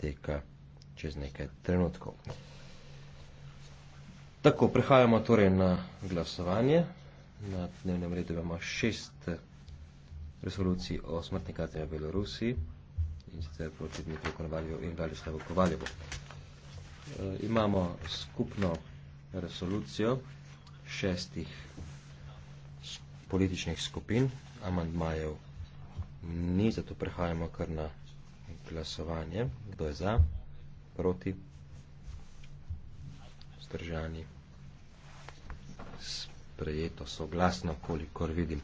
poteka čez nekaj trenutkov. Tako, prehajamo torej na glasovanje. Na dnevnem redu imamo šest resolucij o smrtni kazni v Belorusiji in sicer proti Dmitriju Konovaljevu in Vladislavu Kovaljevu. E, imamo skupno resolucijo šestih političnih skupin, amandmajev ni, zato prehajamo kar na glasovanje. Kdo je za? Proti? Zdržani? Sprejeto soglasno, kolikor vidim.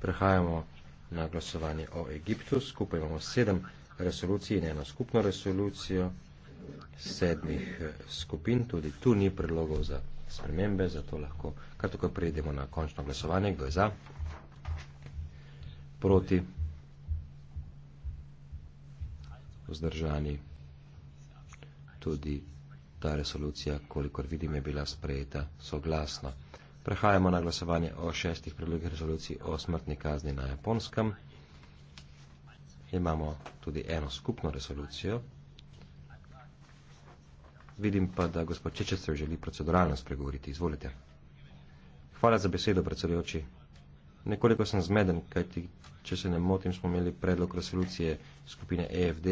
Prehajamo na glasovanje o Egiptu. Skupaj imamo sedem resolucij in eno skupno resolucijo sedmih eh, skupin. Tudi tu ni predlogov za spremembe, zato lahko kar tako prejdemo na končno glasovanje. Kdo je za? Proti? vzdržani. Tudi ta resolucija, kolikor vidim, je bila sprejeta soglasno. Prehajamo na glasovanje o šestih predlogih resolucij o smrtni kazni na Japonskem. Imamo tudi eno skupno resolucijo. Vidim pa, da gospod Čečestrov želi proceduralno spregovoriti. Izvolite. Hvala za besedo, predsedujoči. Nekoliko sem zmeden, kajti, če se ne motim, smo imeli predlog resolucije skupine EFD,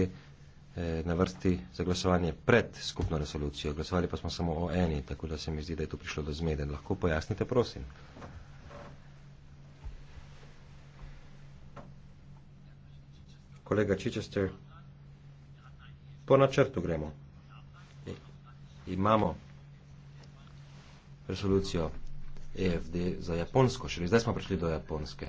Eh, na vrsti za glasovanje pred skupno resolucijo. Glasovali pa smo samo o eni, tako da se mi zdi, da je tu prišlo do zmede. Lahko pojasnite, prosim. Kolega Chichester, po načrtu gremo. E, imamo resolucijo EFD za Japonsko, šele zdaj smo prišli do Japonske.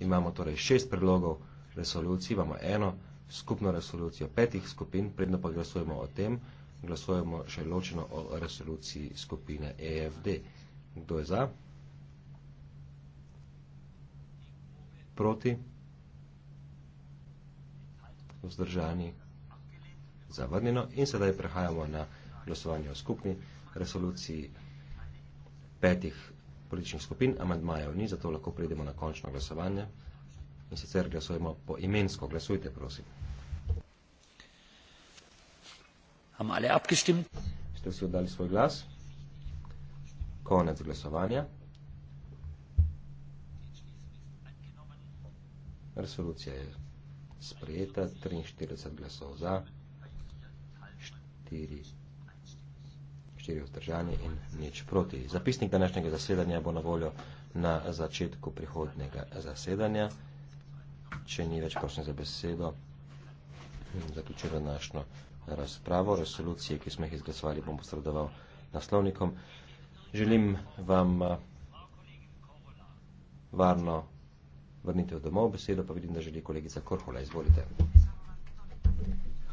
Imamo torej šest predlogov resolucij, imamo eno resolucijo skupno resolucijo petih skupin, predno pa glasujemo o tem, glasujemo še ločeno o resoluciji skupine EFD. Kdo je za? Proti? Vzdržani? Zavrnjeno? In sedaj prehajamo na glasovanje o skupni resoluciji petih političnih skupin, amandmajev ni, zato lahko pridemo na končno glasovanje in sicer glasujemo po imensko. Glasujte, prosim. Ste vsi oddali svoj glas? Konec glasovanja. Resolucija je sprejeta, 43 glasov za, 4, 4 vzdržani in nič proti. Zapisnik današnjega zasedanja bo na voljo na začetku prihodnega zasedanja. Če ni več prosim za besedo, zaključujem današnjo razpravo. Resolucije, ki smo jih izglasovali, bom posredoval naslovnikom. Želim vam eh, varno vrnitev domov. Besedo pa vidim, da želi kolegica Korhola. Izvolite.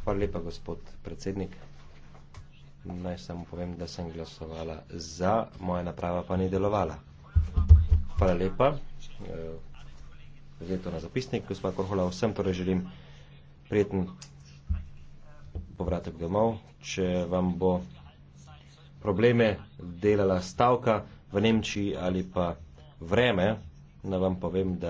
Hvala lepa, gospod predsednik. Naj samo povem, da sem glasovala za, moja naprava pa ni delovala. Hvala lepa. Eh, vzeto na zapisnik. Gospod Korhola, vsem torej želim prijeten povratek domov. Če vam bo probleme delala stavka v Nemčiji ali pa vreme, da vam povem, da